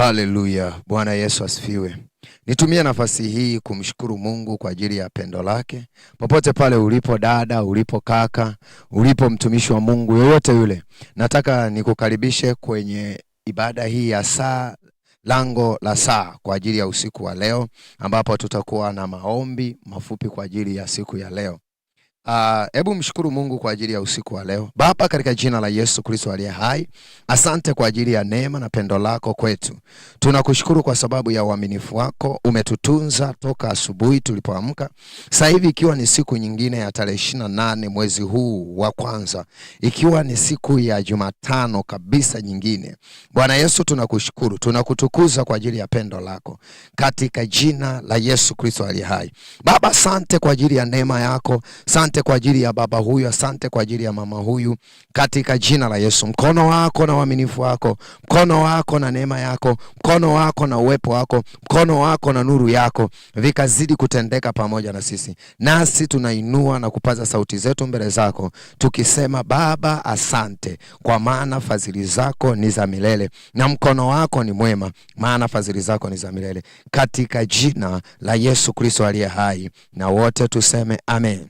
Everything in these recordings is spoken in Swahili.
Haleluya, Bwana Yesu asifiwe. Nitumie nafasi hii kumshukuru Mungu kwa ajili ya pendo lake. Popote pale ulipo dada, ulipo kaka, ulipo mtumishi wa Mungu yoyote yule, nataka nikukaribishe kwenye ibada hii ya saa lango la saa kwa ajili ya usiku wa leo, ambapo tutakuwa na maombi mafupi kwa ajili ya siku ya leo. Ah, hebu uh, mshukuru Mungu kwa ajili ya usiku wa leo. Baba, katika jina la Yesu Kristo aliye hai, asante kwa ajili ya neema na pendo lako kwetu. Tunakushukuru kwa sababu ya uaminifu wako, umetutunza toka asubuhi tulipoamka, sasa hivi ikiwa ni siku nyingine ya tarehe ishirini na nane mwezi huu wa kwanza, ikiwa ni siku ya Jumatano kabisa nyingine. Bwana Yesu, tunakushukuru, tunakutukuza kwa ajili ya pendo lako katika jina la Yesu Kristo aliye hai. Baba, asante kwa ajili ya neema yako. Sante Asante kwa ajili ya baba huyu, asante kwa ajili ya mama huyu, katika jina la Yesu. Mkono wako na uaminifu wako, mkono wako na neema yako, mkono wako na uwepo wako, mkono wako na nuru yako vikazidi kutendeka pamoja na sisi, nasi tunainua na kupaza sauti zetu mbele zako tukisema, Baba asante, kwa maana fadhili zako ni za milele na mkono wako ni mwema, maana fadhili zako ni za milele, katika jina la Yesu Kristo aliye hai, na wote tuseme amen.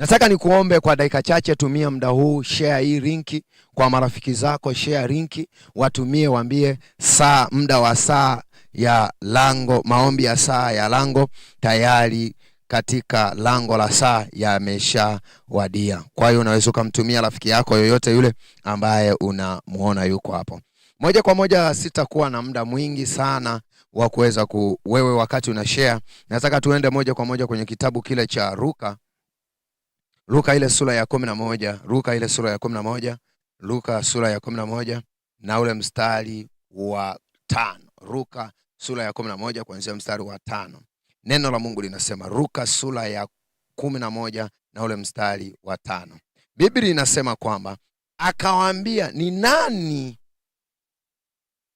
Nataka nikuombe kwa dakika chache, tumia muda huu, share hii linki kwa marafiki zako, share linki watumie, waambie saa muda wa saa ya lango, maombi ya saa ya lango tayari katika lango la saa yameshawadia. Kwa hiyo unaweza ukamtumia rafiki yako yoyote yule ambaye unamuona yuko hapo. Moja kwa moja, sitakuwa na muda mwingi sana wa kuweza ku wewe, wakati una share, nataka tuende moja kwa moja kwenye kitabu kile cha Luka Luka ile sura ya kumi na moja Luka ile sura ya kumi na moja Luka sura ya kumi na moja na ule mstari wa tano Luka sura ya kumi na moja kuanzia mstari wa tano Neno la Mungu linasema Luka sura ya kumi na moja na ule mstari wa tano Biblia inasema kwamba akawaambia, ni nani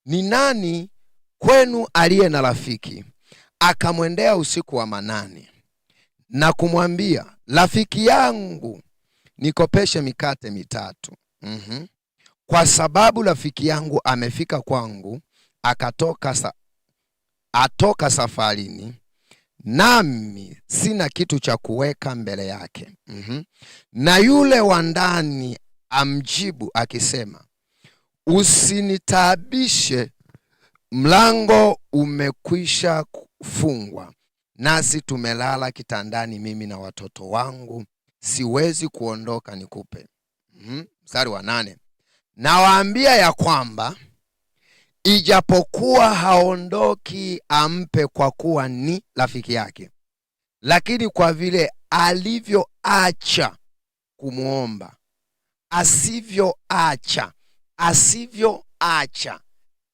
ni nani kwenu aliye na rafiki akamwendea usiku wa manane na kumwambia rafiki yangu nikopeshe mikate mitatu. mm -hmm. Kwa sababu rafiki yangu amefika kwangu akatoka sa, atoka safarini nami sina kitu cha kuweka mbele yake. mm -hmm. Na yule wa ndani amjibu akisema, usinitaabishe, mlango umekwisha kufungwa nasi tumelala kitandani, mimi na watoto wangu, siwezi kuondoka nikupe. Mm-hmm. Mstari wa nane, nawaambia ya kwamba ijapokuwa haondoki ampe kwa kuwa ni rafiki yake, lakini kwa vile alivyoacha kumwomba, asivyoacha, asivyoacha,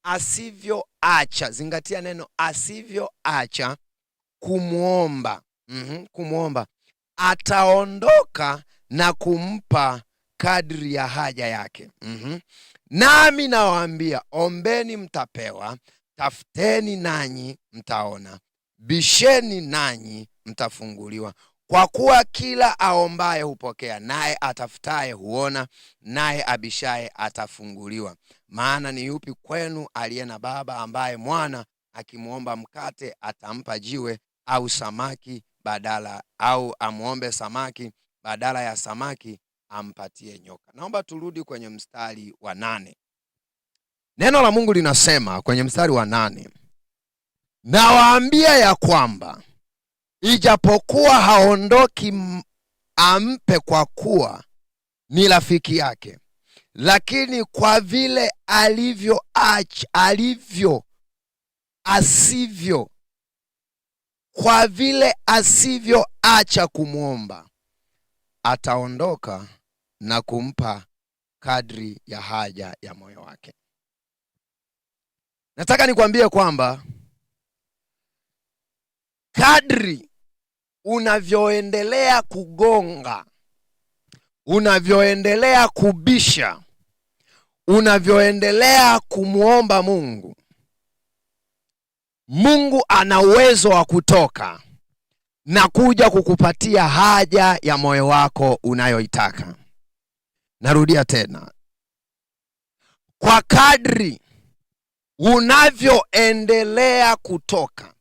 asivyoacha, zingatia neno asivyoacha kumwomba mm -hmm, kumwomba ataondoka na kumpa kadri ya haja yake. mm -hmm. Nami nawaambia, ombeni mtapewa, tafuteni nanyi mtaona, bisheni nanyi mtafunguliwa. Kwa kuwa kila aombaye hupokea, naye atafutaye huona, naye abishaye atafunguliwa. Maana ni yupi kwenu aliye na baba ambaye mwana akimwomba mkate atampa jiwe? au samaki badala au amwombe samaki badala ya samaki ampatie nyoka. Naomba turudi kwenye mstari wa nane. Neno la Mungu linasema kwenye mstari wa nane, nawaambia ya kwamba ijapokuwa haondoki ampe kwa kuwa ni rafiki yake, lakini kwa vile alivyo ach, alivyo asivyo kwa vile asivyoacha kumwomba, ataondoka na kumpa kadri ya haja ya moyo wake. Nataka nikwambie kwamba kadri unavyoendelea kugonga, unavyoendelea kubisha, unavyoendelea kumwomba Mungu Mungu ana uwezo wa kutoka na kuja kukupatia haja ya moyo wako unayoitaka. Narudia tena, kwa kadri unavyoendelea kutoka.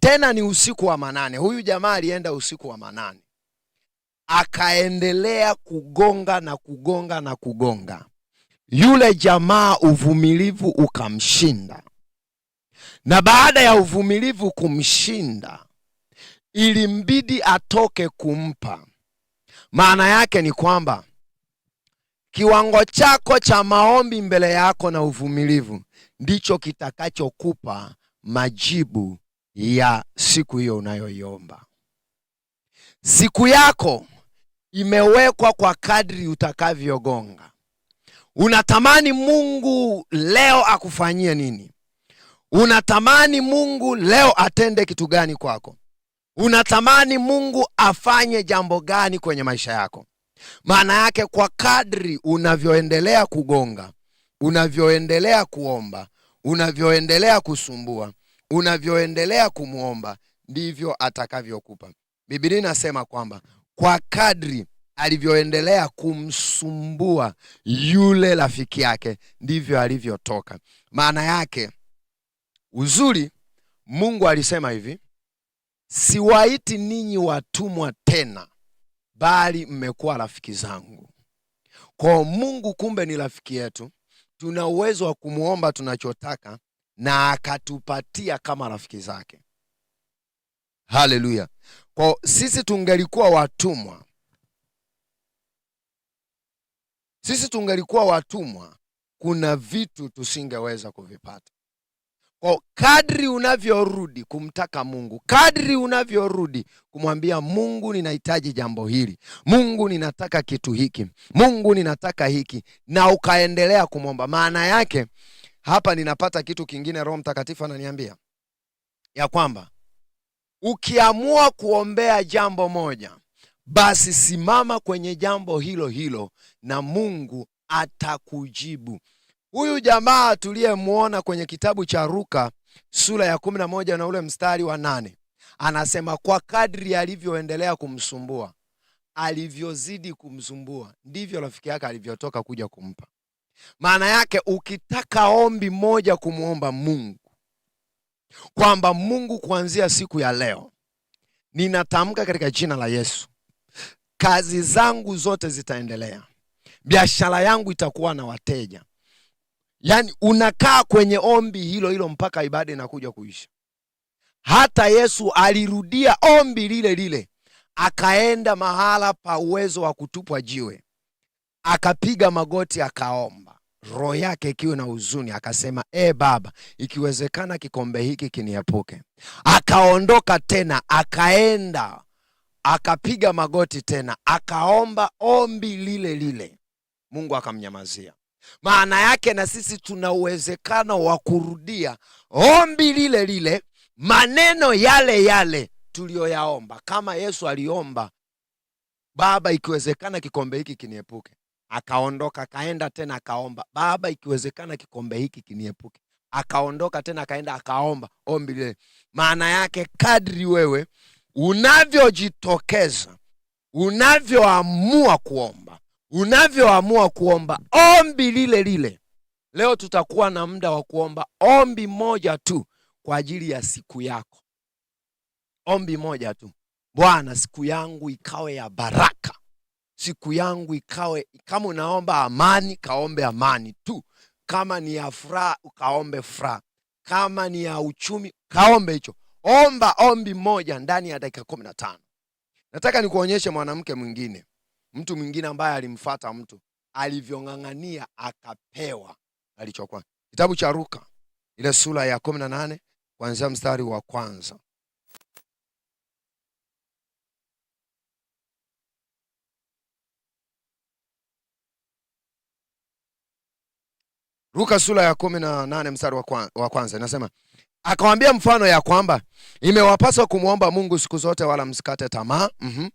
Tena ni usiku wa manane. Huyu jamaa alienda usiku wa manane, akaendelea kugonga na kugonga na kugonga. Yule jamaa uvumilivu ukamshinda na baada ya uvumilivu kumshinda, ilimbidi atoke kumpa. Maana yake ni kwamba kiwango chako cha maombi mbele yako na uvumilivu ndicho kitakachokupa majibu ya siku hiyo unayoiomba. Siku yako imewekwa kwa kadri utakavyogonga. Unatamani Mungu leo akufanyie nini? Unatamani Mungu leo atende kitu gani kwako? Unatamani Mungu afanye jambo gani kwenye maisha yako? Maana yake kwa kadri unavyoendelea kugonga, unavyoendelea kuomba, unavyoendelea kusumbua, unavyoendelea kumwomba, ndivyo atakavyokupa. Biblia inasema kwamba kwa kadri alivyoendelea kumsumbua yule rafiki yake, ndivyo alivyotoka. Maana yake Uzuri Mungu alisema hivi, siwaiti ninyi watumwa tena, bali mmekuwa rafiki zangu. Kwa Mungu kumbe ni rafiki yetu, tuna uwezo wa kumwomba tunachotaka na akatupatia kama rafiki zake. Haleluya! Kwa sisi tungelikuwa watumwa, sisi tungelikuwa watumwa, kuna vitu tusingeweza kuvipata. Kwa kadri unavyorudi kumtaka Mungu, kadri unavyorudi kumwambia Mungu, ninahitaji jambo hili, Mungu ninataka kitu hiki, Mungu ninataka hiki, na ukaendelea kumwomba, maana yake hapa ninapata kitu kingine. Roho Mtakatifu ananiambia ya kwamba ukiamua kuombea jambo moja, basi simama kwenye jambo hilo hilo na Mungu atakujibu. Huyu jamaa tuliyemwona kwenye kitabu cha Luka sura ya kumi na moja na ule mstari wa nane anasema kwa kadri alivyoendelea kumsumbua, alivyozidi kumsumbua, ndivyo rafiki yake alivyotoka kuja kumpa. Maana yake ukitaka ombi moja, kumwomba Mungu kwamba Mungu, kuanzia siku ya leo ninatamka katika jina la Yesu, kazi zangu zote zitaendelea, biashara yangu itakuwa na wateja Yaani unakaa kwenye ombi hilo hilo mpaka ibada inakuja kuisha. Hata Yesu alirudia ombi lile lile, akaenda mahala pa uwezo wa kutupwa jiwe, akapiga magoti, akaomba, roho yake ikiwa na huzuni, akasema e Baba, ikiwezekana kikombe hiki kiniepuke. Akaondoka tena, akaenda akapiga magoti tena, akaomba ombi lile lile, Mungu akamnyamazia. Maana yake na sisi tuna uwezekano wa kurudia ombi lile lile, maneno yale yale tuliyoyaomba, kama Yesu aliomba, Baba, ikiwezekana kikombe hiki kiniepuke. Akaondoka akaenda tena akaomba, Baba, ikiwezekana kikombe hiki kiniepuke. Akaondoka tena akaenda akaomba ombi lile. Maana yake kadri wewe unavyojitokeza, unavyoamua kuomba unavyoamua kuomba ombi lile lile. Leo tutakuwa na muda wa kuomba ombi moja tu kwa ajili ya siku yako, ombi moja tu. Bwana, siku yangu ikawe ya baraka, siku yangu ikawe. Kama unaomba amani, kaombe amani tu. Kama ni ya furaha, ukaombe furaha. Kama ni ya uchumi, kaombe hicho. Omba ombi moja ndani ya dakika kumi na tano. Nataka nikuonyeshe mwanamke mwingine mtu mwingine ambaye alimfata mtu alivyong'ang'ania akapewa alichokuwa. Kitabu cha Luka ile sura ya kumi na nane kuanzia mstari wa kwanza. Luka sura ya kumi na nane mstari wa kwanza inasema, akawambia mfano ya kwamba imewapaswa kumwomba Mungu siku zote wala msikate tamaa. mm -hmm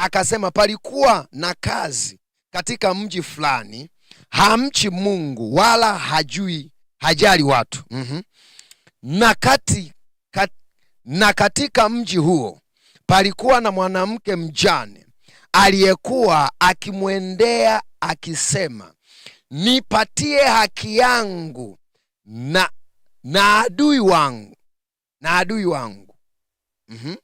akasema, palikuwa na kazi katika mji fulani, hamchi Mungu wala hajui hajali watu mm -hmm. na, kati, kat, na katika mji huo palikuwa na mwanamke mjane aliyekuwa akimwendea akisema, nipatie haki yangu na na adui wangu na adui wangu mm -hmm.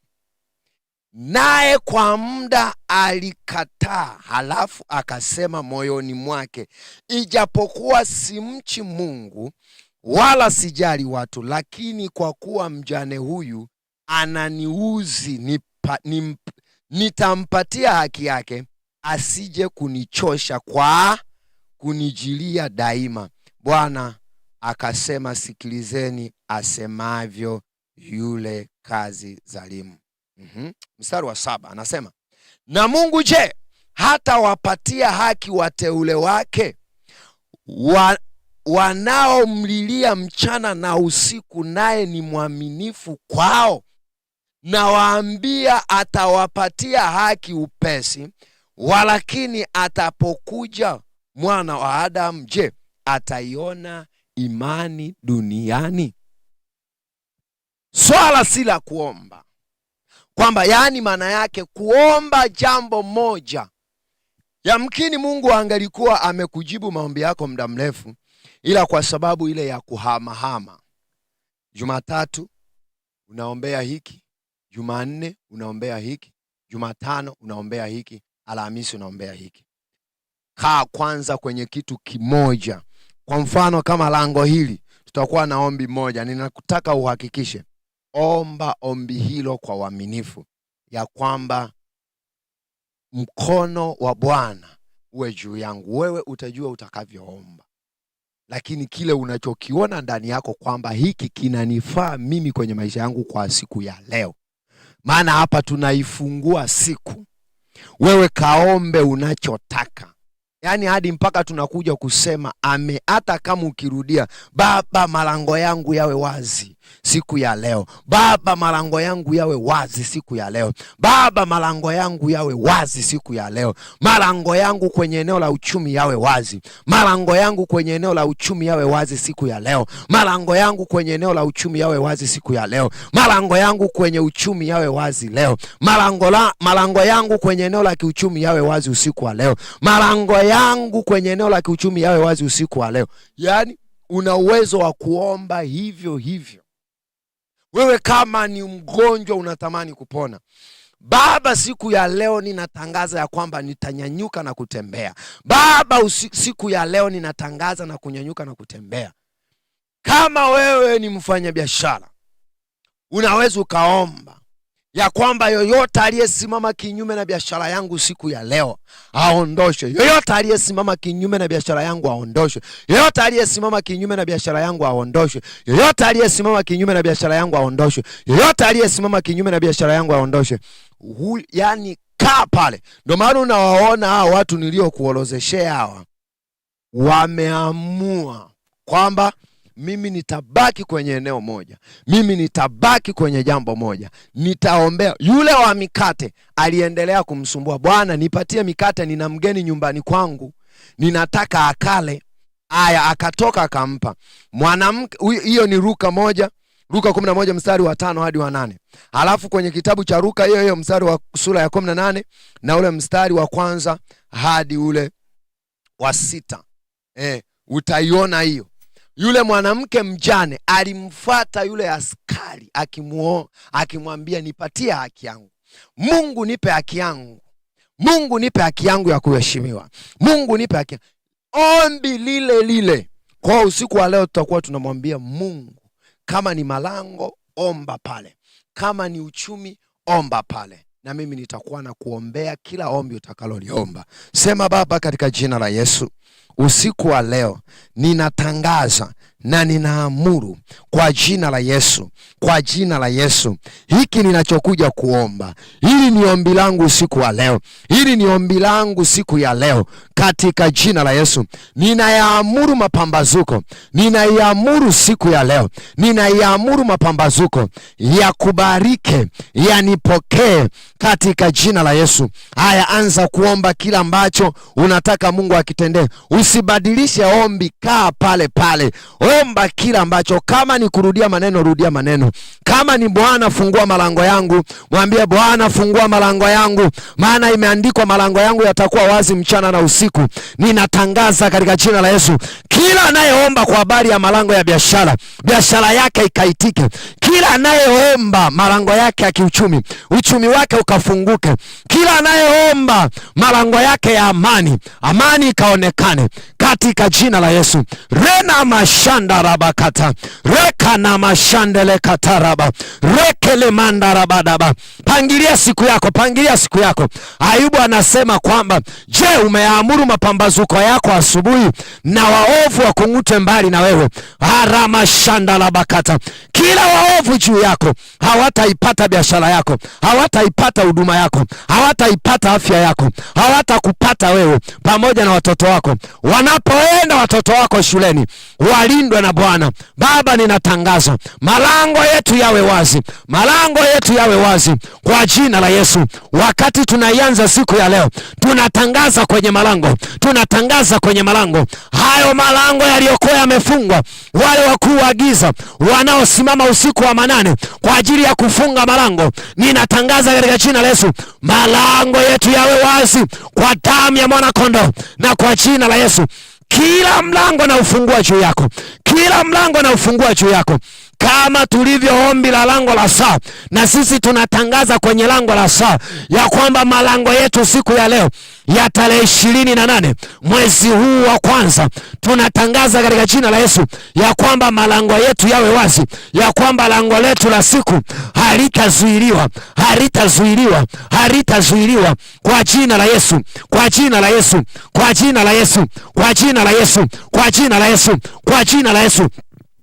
Naye kwa muda alikataa, halafu akasema moyoni mwake, ijapokuwa simchi Mungu wala sijali watu, lakini kwa kuwa mjane huyu ananiuzi nipa, nim, nitampatia haki yake, asije kunichosha kwa kunijilia daima. Bwana akasema, sikilizeni asemavyo yule kazi zalimu mm -hmm. Mstari wa saba anasema na Mungu je, hatawapatia haki wateule wake wa, wanaomlilia mchana na usiku, naye ni mwaminifu kwao? Nawaambia, atawapatia haki upesi. Walakini atapokuja mwana wa Adamu, je, ataiona imani duniani? Swala si la kuomba kwamba yaani, maana yake kuomba jambo moja, yamkini Mungu angalikuwa amekujibu maombi yako muda mrefu, ila kwa sababu ile ya kuhamahama, Jumatatu unaombea hiki, Jumanne unaombea hiki, Jumatano unaombea hiki, Alhamisi unaombea hiki. Kaa kwanza kwenye kitu kimoja. Kwa mfano kama lango hili tutakuwa na ombi moja, ninakutaka uhakikishe omba ombi hilo kwa uaminifu, ya kwamba mkono wa Bwana uwe juu yangu. Wewe utajua utakavyoomba, lakini kile unachokiona ndani yako kwamba hiki kinanifaa mimi kwenye maisha yangu kwa siku ya leo, maana hapa tunaifungua siku. Wewe kaombe unachotaka yaani hadi mpaka tunakuja kusema ame, hata kama ukirudia, Baba malango yangu yawe wazi siku ya leo, Baba malango yangu yawe wazi siku ya leo, Baba malango yangu yawe wazi siku ya leo, malango yangu kwenye eneo la uchumi yawe wazi, malango yangu kwenye eneo la uchumi yawe wazi siku ya leo, malango yangu kwenye eneo la uchumi yawe wazi siku ya leo, malango yangu kwenye uchumi yawe wazi leo, malango la malango yangu kwenye eneo la kiuchumi yawe wazi usiku wa leo, malango yangu kwenye eneo la kiuchumi yawe wazi usiku wa leo. Yaani una uwezo wa kuomba hivyo hivyo. Wewe kama ni mgonjwa unatamani kupona, Baba, siku ya leo ninatangaza ya kwamba nitanyanyuka na kutembea. Baba, siku ya leo ninatangaza na kunyanyuka na kutembea. Kama wewe ni mfanyabiashara, unaweza ukaomba ya kwamba yoyote aliyesimama kinyume na biashara yangu siku ya leo aondoshwe. Yoyote aliyesimama kinyume na biashara yangu aondoshwe. Yoyote aliyesimama kinyume na biashara yangu aondoshwe. Yoyote aliyesimama kinyume na biashara yangu aondoshwe. Yoyote aliyesimama kinyume na biashara yangu aondoshwe. Yani kaa pale. Ndio maana unawaona hawa watu niliokuorozeshea hawa wameamua kwamba mimi nitabaki kwenye eneo moja, mimi nitabaki kwenye jambo moja, nitaombea. Yule wa mikate aliendelea kumsumbua, Bwana, nipatie mikate, nina mgeni nyumbani kwangu, ninataka akale. Aya, akatoka akampa mwanamke. Hiyo ni Luka moja Luka 11 mstari wa tano hadi wa nane. Halafu kwenye kitabu cha Luka hiyo hiyo mstari wa sura ya kumi na ule mstari wa kwanza hadi ule wa sita. Eh, utaiona hiyo yule mwanamke mjane alimfuata yule askari akimuo akimwambia, nipatie haki yangu Mungu, nipe haki yangu Mungu, nipe haki yangu ya kuheshimiwa Mungu, nipe haki. Ombi lile lile kwa usiku wa leo, tutakuwa tunamwambia Mungu, kama ni malango omba pale, kama ni uchumi omba pale, na mimi nitakuwa na kuombea kila ombi utakaloliomba. Sema Baba, katika jina la Yesu, usiku wa leo ninatangaza na ninaamuru kwa jina la Yesu, kwa jina la Yesu, hiki ninachokuja kuomba, hili ni ombi langu siku ya leo, hili ni ombi langu siku ya leo, katika jina la Yesu. Ninayaamuru mapambazuko, ninaiamuru siku ya leo, ninaiamuru mapambazuko yakubarike, yanipokee katika jina la Yesu. Haya, anza kuomba kila ambacho unataka Mungu akitendee. Usibadilishe ombi, kaa pale pale omba kila ambacho, kama ni kurudia maneno, rudia maneno. Kama ni Bwana fungua malango yangu, mwambie Bwana fungua malango yangu, maana imeandikwa malango yangu yatakuwa wazi mchana na usiku. Ninatangaza katika jina la Yesu, kila anayeomba kwa habari ya malango ya biashara, biashara yake ikaitike. Kila anayeomba malango yake ya kiuchumi, uchumi wake ukafunguke. Kila anayeomba malango yake ya amani, amani ikaonekane katika jina la Yesu. rena mashanda rabakata reka na mashandele kataraba rekele rabadaba. Pangilia siku yako, pangilia siku yako. Ayubu anasema kwamba je, umeamuru mapambazuko yako asubuhi, na waovu wakung'ute mbali na wewe. harama shanda rabakata, kila waovu juu yako hawataipata biashara yako, hawataipata huduma yako, hawataipata afya yako, hawatakupata wewe pamoja na watoto wako wana unapoenda watoto wako shuleni walindwe na Bwana. Baba, ninatangaza malango yetu yawe wazi, malango yetu yawe wazi kwa jina la Yesu. Wakati tunaianza siku ya leo, tunatangaza kwenye malango, tunatangaza kwenye malango hayo, malango yaliyokuwa yamefungwa, wale wakuu wa giza wanaosimama usiku wa manane kwa ajili ya kufunga malango, ninatangaza katika jina la Yesu, malango yetu yawe wazi kwa damu ya mwana kondoo na kwa jina la Yesu. Kila mlango na ufungua juu yako, kila mlango na ufungua juu yako kama tulivyo ombi la lango la saa, na sisi tunatangaza kwenye lango la saa ya kwamba malango yetu siku ya leo ya tarehe ishirini na nane mwezi huu wa kwanza, tunatangaza katika jina la Yesu ya kwamba malango yetu yawe wazi, ya kwamba lango letu la siku halitazuiliwa, halitazuiliwa, halitazuiliwa kwa jina la Yesu, kwa jina la Yesu, kwa jina la Yesu, kwa jina la Yesu, kwa jina la Yesu, kwa jina la Yesu.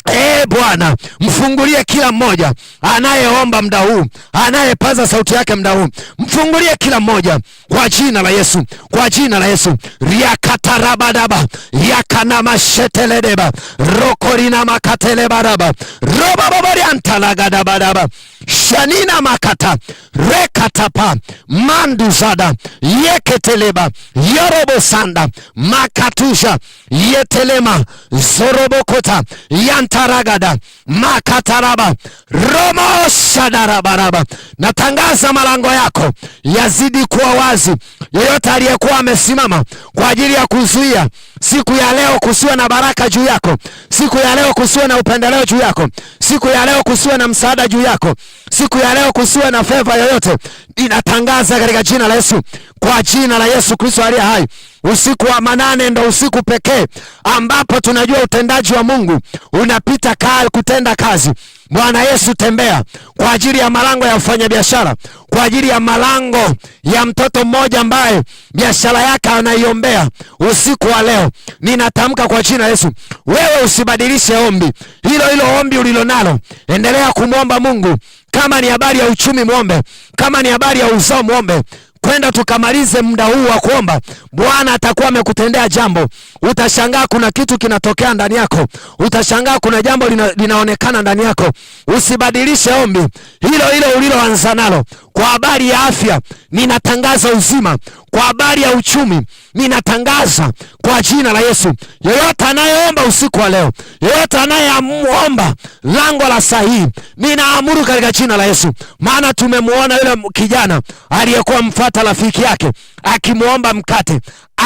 Ee Bwana, mfungulie kila mmoja anayeomba mda huu, anayepaza sauti yake mda huu, mfungulie kila mmoja kwa jina la Yesu, kwa jina la Yesu. riakatarabadaba makatelebaraba rokorinamakatelebaraba robababaryantalagadabaraba shanina makata rekatapa manduzada yeketeleba yorobosanda makatusha yetelema zorobokota yantaragada makataraba romoshadarabaraba Natangaza malango yako yazidi kuwa wazi. Yeyote aliyekuwa amesimama kwa ajili ya kuzuia siku ya leo kusiwe na baraka juu yako, siku ya leo kusiwe na upendeleo juu yako, siku ya leo kusiwe na msaada juu yako, siku ya leo kusiwe na feva yoyote, inatangaza katika jina la Yesu kwa jina la Yesu Kristo aliye hai. Usiku wa manane ndo usiku pekee ambapo tunajua utendaji wa Mungu unapita kali kutenda kazi. Bwana Yesu, tembea kwa ajili ya malango ya mfanyabiashara, kwa ajili ya malango ya mtoto mmoja ambaye biashara yake anaiombea usiku wa leo. Ninatamka kwa jina Yesu, wewe usibadilishe ombi hilo hilo, ombi ulilonalo endelea kumwomba Mungu. Kama ni habari ya uchumi, mwombe. Kama ni habari ya uzao, mwombe kwenda tukamalize muda huu wa kuomba. Bwana atakuwa amekutendea jambo, utashangaa kuna kitu kinatokea ndani yako, utashangaa kuna jambo lina, linaonekana ndani yako. Usibadilishe ombi hilo hilo uliloanza nalo. Kwa habari ya afya ninatangaza uzima, kwa habari ya uchumi ninatangaza kwa jina la Yesu. Yeyote anayeomba usiku wa leo, yeyote anayeomba lango la sahihi, ninaamuru katika jina la Yesu, maana tumemwona yule kijana aliyekuwa mfata rafiki yake akimwomba mkate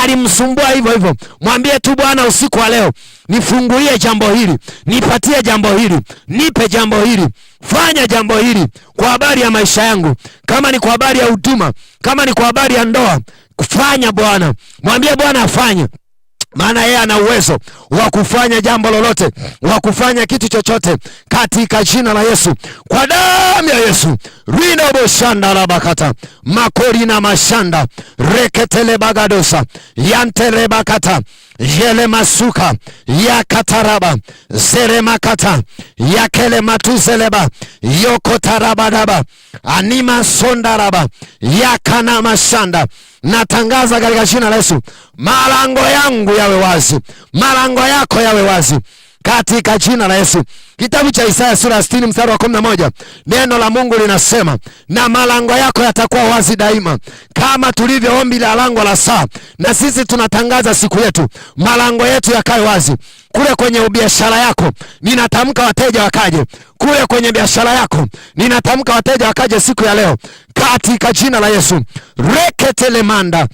alimsumbua hivyo hivyo. Mwambie tu Bwana, usiku wa leo nifungulie jambo hili, nipatie jambo hili, nipe jambo hili, fanya jambo hili kwa habari ya maisha yangu, kama ni kwa habari ya huduma, kama ni kwa habari ya ndoa, fanya Bwana. Mwambie Bwana afanye maana yeye ana uwezo wa kufanya jambo lolote, wa kufanya kitu chochote katika jina la Yesu, kwa damu ya Yesu bakata rabakata na mashanda reketelebagadosa bakata yele masuka ya kataraba zeremakata yakelematuzeleba yokotarabadaba anima sondaraba mashanda natangaza katika jina la Yesu, malango yangu yawe wazi, malango yako yawe wazi katika jina la Yesu. Kitabu cha Isaya sura ya 60 mstari wa moja neno la Mungu linasema, na malango yako yatakuwa wazi daima, kama tulivyo ombi la lango la saa. Na sisi tunatangaza siku yetu, malango yetu yakae wazi. Kule kwenye biashara yako ninatamka wateja wakaje. Kule kwenye biashara yako ninatamka wateja wakaje siku ya leo katika jina la Yesu. reketelemanda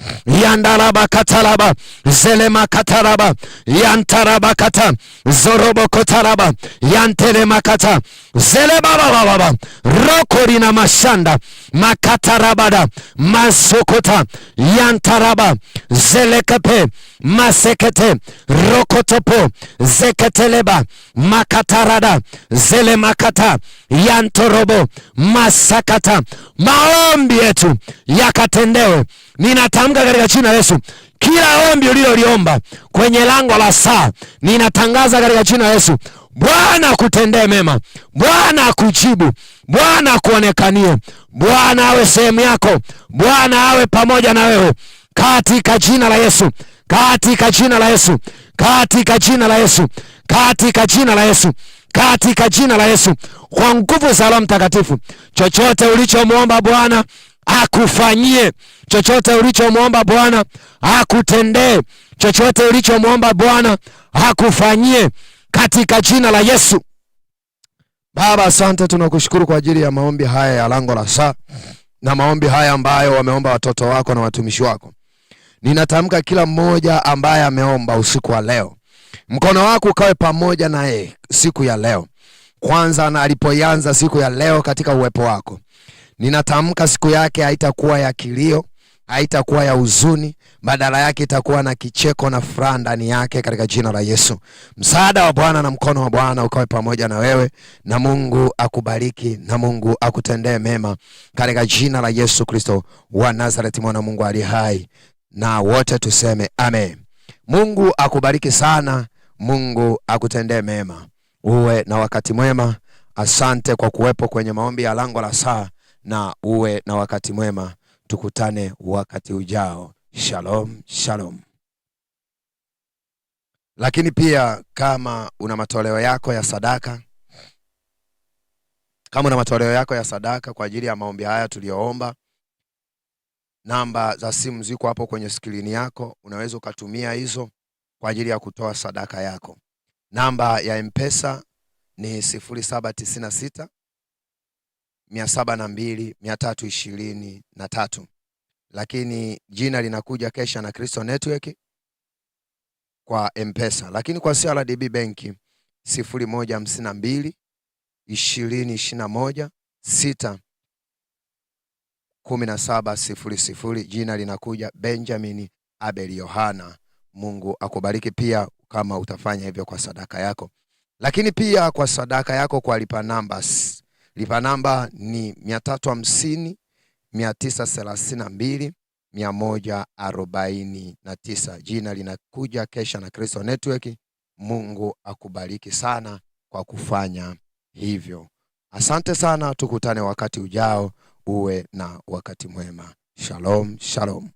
yandaraba kataraba zelema kataraba yantaraba kata zorobo kotaraba yan mantele makata zelebabababa rokori na mashanda makatarabada masokota yantaraba zelekape masekete rokotopo zeketeleba makatarada zele makata yantorobo masakata. Maombi yetu yakatendewe. Ninatamka katika china Yesu kila ombi uliloliomba kwenye lango la saa, ninatangaza katika china Yesu Bwana akutendee mema, Bwana akujibu, Bwana akuonekanie, Bwana awe sehemu yako, Bwana awe pamoja na wewe katika jina la Yesu, katika jina la Yesu, katika jina la Yesu, katika jina la Yesu, katika jina la Yesu, kwa nguvu za Roho Mtakatifu, chochote ulichomwomba Bwana akufanyie chochote ulichomwomba Bwana akutendee chochote ulichomwomba Bwana akufanyie katika jina la Yesu. Baba, asante, tunakushukuru kwa ajili ya maombi haya ya lango la saa na maombi haya ambayo wameomba watoto wako na watumishi wako. Ninatamka kila mmoja ambaye ameomba usiku wa leo, mkono wako ukawe pamoja naye siku ya leo, kwanza na alipoianza siku ya leo katika uwepo wako. Ninatamka siku yake haitakuwa ya kilio, haitakuwa ya huzuni, badala yake itakuwa na kicheko na furaha ndani yake, katika jina la Yesu. Msaada wa Bwana na mkono wa Bwana ukawe pamoja na wewe, na Mungu akubariki na Mungu akutendee mema, katika jina la Yesu Kristo wa Nazareti, mwana Mungu ali hai, na wote tuseme amen. Mungu akubariki sana, Mungu akutendee mema, uwe na wakati mwema. Asante kwa kuwepo kwenye maombi ya lango la saa, na uwe na wakati mwema tukutane wakati ujao. Shalom, shalom. Lakini pia kama una matoleo yako ya sadaka, kama una matoleo yako ya sadaka kwa ajili ya maombi haya tuliyoomba, namba za simu ziko hapo kwenye skrini yako, unaweza ukatumia hizo kwa ajili ya kutoa sadaka yako. Namba ya Mpesa ni 0796 mia saba na mbili mia tatu ishirini na tatu lakini jina linakuja Kesha na Kristo Network kwa Mpesa, lakini kwa CRDB benki sifuri moja hamsini na mbili ishirini ishirini na moja sita kumi na saba sifuri sifuri. Jina linakuja Benjamin Abel Yohana. Mungu akubariki pia kama utafanya hivyo kwa sadaka yako, lakini pia kwa sadaka yako kwa lipa namba Lipa namba ni 350 932 149. Jina linakuja Kesha na Kristo Network. Mungu akubariki sana kwa kufanya hivyo. Asante sana, tukutane wakati ujao. Uwe na wakati mwema. Shalom, shalom.